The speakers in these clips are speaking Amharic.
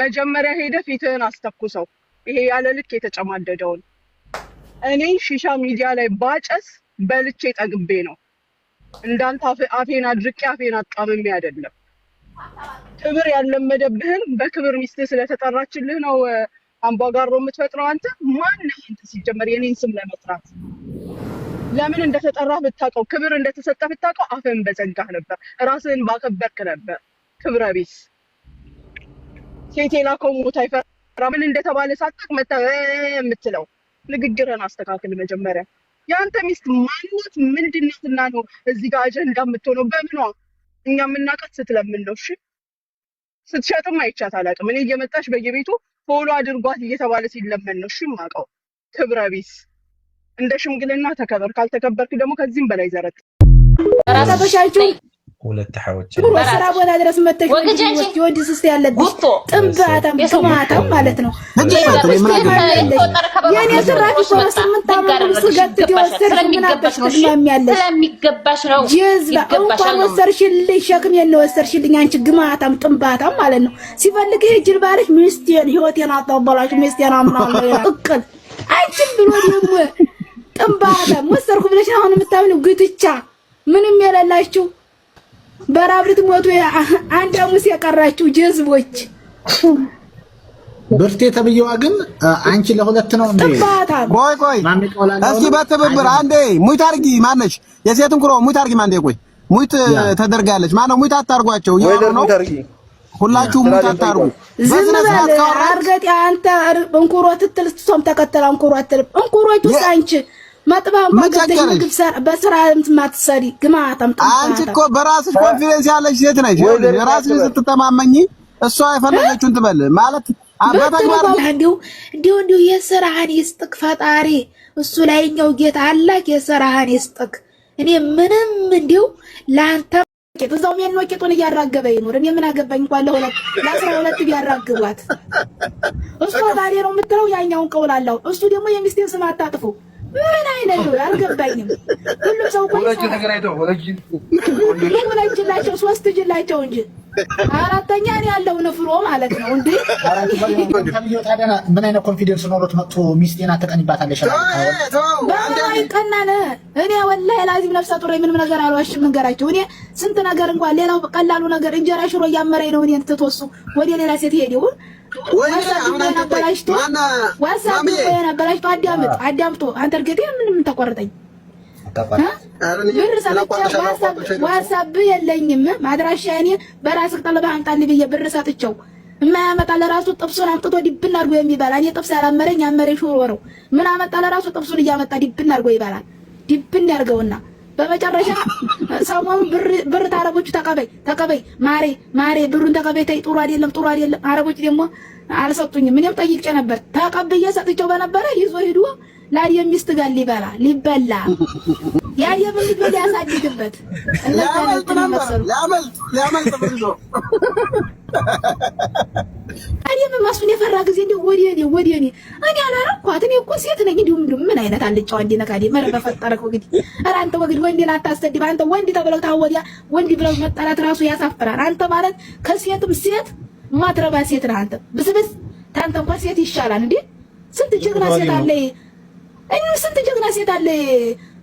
መጀመሪያ ሄደ ፊትህን አስተኩሰው። ይሄ ያለ ልክ የተጨማደደውን እኔ ሺሻ ሚዲያ ላይ ባጨስ በልቼ ጠግቤ ነው። እንዳንተ አፌን አድርቄ አፌን አጣምሜ አይደለም። ክብር ያለመደብህን በክብር ሚስትህ ስለተጠራችልህ ነው አምባጓሮ የምትፈጥረው አንተ ማነህ? አንተ ሲጀመር የኔን ስም ለመጥራት ለምን እንደተጠራህ ብታውቀው፣ ክብር እንደተሰጠ ብታውቀው አፍህን በዘጋህ ነበር፣ ራስህን ባከበርክ ነበር። ክብረ ቢስ ሴቴን አከሞት አይፈራ ምን እንደተባለ ሳጠቅ መታ የምትለው ንግግርን አስተካክል መጀመሪያ። የአንተ ሚስት ማናት? ምንድነትና ነው እዚህ ጋር አጀንዳ የምትሆነው በምኗ? እኛ የምናውቃት ስትለምን ነው። እሺ ስትሸጥም አይቻት አላውቅም። እኔ እየመጣች በየቤቱ ፎሎ አድርጓት እየተባለ ሲለመን ነው። እሺ የማውቀው ክብረ ቢስ እንደ ሽምግልና ተከበር፣ ካልተከበርክ ደግሞ ከዚህም በላይ ዘረት ሁለት ሀዎች ስራ ቦታ ድረስ መተሽ ስስ ስ ያለብሽ ጥንባታም ቅማታም ማለት ነው። የኔ ስራሽ በስምንት ዓመት ስገት ወሰርሽ ምናበሽሚያለሽ እንኳን ወሰርሽልኝ ሸክም የለ ወሰርሽልኝ አንቺ ግማታም ጥንባታም ማለት ነው። ሲፈልግ ጅል ባለሽ ሚስቴን ህይወቴን አጣበላሽ ሚስቴን አምናለ እቅል አንቺም ብሎ ደግሞ ጥንባታም ወሰርኩ ብለሽ አሁን የምታምነው ግትቻ ምንም የሌላችሁ በራብ ልትሞቱ አንድ ሐሙስ የቀራችሁ ጀዝቦች ብርቴ ተብዬዋ ግን አንቺ ለሁለት ነው እንዴ? ቆይ ቆይ፣ እስኪ በትብብር አንዴ ሙይት አድርጊ። ማነች የሴትን ኩሮ ሙይት አድርጊ። ማንዴ ቆይ፣ ሙይት ተደርጋለች። ማነው ሙይት አታርጓቸው። ይሄ ነው ሁላችሁ ሙይት አታርጉ። ዝም ብለህ አርገጥ አንተ እንኩሮ ትትል እሷም ተከተላ እንኩሮ አትልም። ውስጥ አንቺ መጥባም ባገተኝ ምግብ በስራ የምትማትሰሪ አንቺ እኮ በራስሽ ኮንፊደንስ ያለሽ ሴት ነሽ። ራስሽ ስትተማመኝ እሷ የፈለገችውን ትበል ማለት እንዲሁ እንዲሁ የስራህን ይስጥክ ፈጣሪ። እሱ ላይኛው ጌታ አላክ የስራህን ይስጥክ። እኔ ምንም እንዲሁ ለአንተ እዛው ሜን ነው ቄጡን እያራገበ ይኖር። እኔ ምን አገባኝ እንኳን ለሁለት ለአስራ ሁለት ቢያራግቧት እሷ ዛሬ ነው የምትለው ያኛውን ቀውላለሁ። እሱ ደግሞ የሚስቴን ስም አታጥፉ ምን አይነት ነው አልገባኝም። ሁሉም ሰው ሁለት ጅላቸው ሶስት ጅላቸው እንጂ አራተኛ እኔ ያለው ንፍሮ ማለት ነው። እንደ ታዲያ ምን አይነት ኮንፊደንስ ኖሮት መጥቶ ሚስቴን አትቀኝባታለሽ? አይቀናነ እኔ ወላሂ ላዚም ነፍሰ ጡር ምንም ነገር አልዋሽም። እንገራቸው እኔ ስንት ነገር እንኳን ሌላው ቀላሉ ነገር እንጀራ ሽሮ እያመረኝ ነው እኔን ትቶ እሱ ወደ ሌላ ሴት ሄደውን ያበላሽቶ አዳምጥ አዳምጦ አንተ እርግጤ ምንም ተቆረጠኝ ብር ሰጥቼ ዋትሳፕ የለኝም አድራሻ እኔ በራስህ ጠለበህ አምጣልኝ ብዬ ብር ሰጥቼው የማያመጣ ለራሱ ጥብሱን አምጥቶ ዲብን አድርጎ የሚበላ እኔ ጥብስ ያላመረኝ ያመረኝ ሾሮ ነው። ምን አመጣ ለራሱ ጥብሱን እያመጣ ዲብን አድርጎ ይበላል። ዲብን ያድርገውና በመጨረሻ ሰሞኑን ብር ታረቦቹ ተቀበይ ተቀበይ ማሬ ማሬ ብሩን ተቀበይ ተይ፣ ጥሩ አይደለም ጥሩ አይደለም። አረቦች ደግሞ አልሰጡኝም። እኔም ጠይቄ ነበር ተቀብዬ ሰጥቼው በነበረ ይዞ ሄዱ። ላየ ሚስት ጋር ሊበላ ሊበላ ያየ ምንድን ነው ያሳድግበት ሊያመልጥ ብዙ እኔም እራሱን የፈራ ጊዜ እንዲሁ ወደ እኔ ወደ እኔ እኔ አላረኳት። እኔ እኮ ሴት ነኝ። እንዲሁም እንዲሁ ምን አይነት አልጫዋ እንዲነካ መረ በፈጠረክ ወግድ ኧረ አንተ ወግድ ወንዴን አታሰድብ። አንተ ወንድ ተብለው ታወዲያ ወንድ ብለው መጠራት ራሱ ያሳፍራል። አንተ ማለት ከሴትም ሴት ማትረባ ሴት ነህ አንተ ብስብስ። ታንተ እንኳን ሴት ይሻላል እንዴ! ስንት ጀግና ሴት አለ እኔ ስንት ጀግና ሴት አለ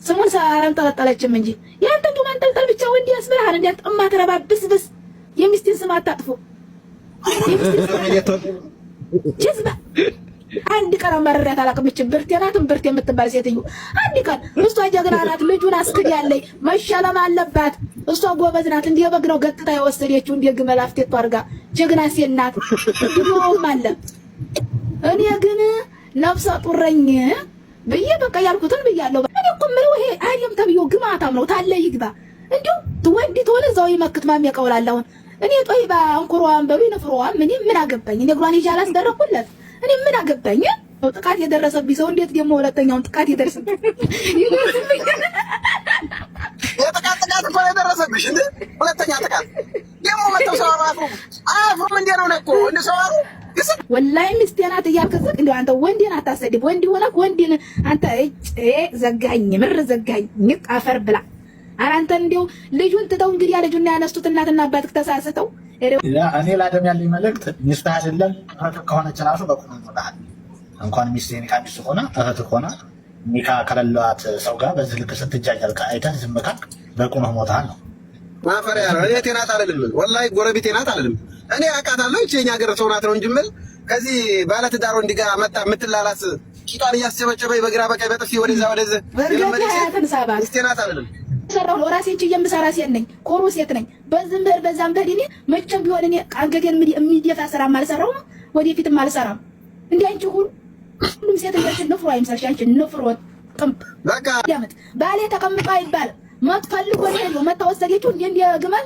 ስሙን ሳራን ጠለጠለችም እንጂ ያንተቱ ማንጠልጠል ብቻ ወንድ ያስበልሃል። እንዴት እማትረባ ብስብስ የሚስቴን ስም አታጥፎ ጅዝባ አንድ ቀን መረዳት አላቅምችም። ብርቴ ናትም ብርቴ የምትባል ሴትዮ አንድ ቀን እሷ ጀግና ናት። ልጁን አስክድ ያለኝ መሸለም አለባት። እሷ ጎበዝ ናት። እንደ በግ ነው ገጥታ የወሰደችው እንደ ግመል አፍቴቷ አድርጋ ጀግና ሴት ናት። ድሮውም አለ እኔ ግን ነፍሰ ጡረኝ ብዬ በቃ ያልኩትን ብያለሁ። እኔ እኮ የምለው ይሄ አለም ተብዮ ግማታም ነው ታለ ይግባ እንዲሁ ትወዲ ትሆን እዛው ይመክት ማሚ ያቀውላለሁን እኔ ጦይ አንኩሯን በሉ ይነፍሯዋን ምን ምን አገባኝ? እኔ እግሯን ይዤ አላስደረኩለት እኔ ምን አገባኝ? ጥቃት የደረሰብኝ ሰው እንዴት ደግሞ ሁለተኛውን ጥቃት የደረሰብኝ የጥቃት ጥቃት እኮ ነው የደረሰብሽ። እንዴ ሁለተኛ ጥቃት ደግሞ መተው ሰው አፍሩ አፍሩም እንዴ ነው ነኮ እንደ ሰው አፍሩ አታስለቅስም። ወላሂ ሚስቴ ናት እያልክስቅ እንዲ አንተ ወንዴን አታሰድብ። ወንድ ሆነህ ወንዴን አንተ ዘጋኝ፣ ምር ዘጋኝ፣ አፈር ብላ አራንተን እንዲሁ ልጁን ትተው እንግዲህ ልጁና ያነሱት እናትና አባትህ ተሳስተው። እኔ ለአደም ያለኝ መልእክት ሚስትህ አይደለም እህትህ ከሆነች ራሱ በቁም እንውልሃል። እንኳን ሚስት ኒካ ሚስት ሆነ እህትህ ሆነ ኒካ ከሌላት ሰው ጋር በዚህ ልክ ስትጃጃል አይተህ ዝም ካልክ በቁምህ ሞትሃል ነው ማፈሪያ ነው። እኔ ቴናት አልልም፣ ወላሂ ጎረቤቴ ናት አልልም እኔ አውቃታለሁ። ይቺ የኛ ሀገር ሰው ናት ነው እንጂ የምልህ ከዚህ ባለትዳር ወንድ ጋር መጣ የምትላላት ቂጧን እያስጨበጨበኝ በግራ በቀኝ በጥፊ ወደዛ ወደዚህ ሚስቴ ናት አይደለም ሰራው ራሴ እቺ የምሰራ ሴት ነኝ፣ ኮሮ ሴት ነኝ። በዚህ ምህር በዛም ምህር እኔ መቼም ቢሆን እኔ አንገቴን የሚደፋ ስራ አልሰራውም፣ ወደፊትም አልሰራም። እንደ አንቺ ሁሉም ሴት እንደሽ ንፍሮ አይምሰልሽ። አንቺ ንፍሮ ጥምብ በቃ ባሌ ተቀምጦ አይባልም። ፈልጎ ነው መታወሰጌቹ እንደ ግመል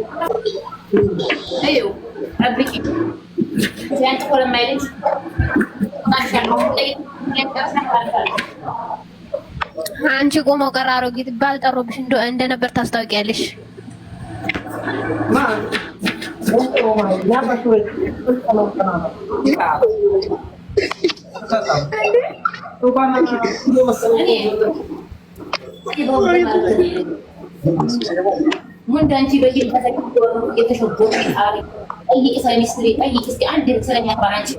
አንቺ ቆሞ ቀረ አሮጊት እንደ እንደነበር ታስታውቂያለሽ። ወንድ አንቺ በጅል የተሸጎጠ ጣሪ ጠይቂ፣ ስለ ሚስትሪ እስኪ አንድ ስለሚያባ አንቺ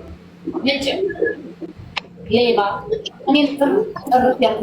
ነጭ ሌባ እኔ ጥርት ያልኩ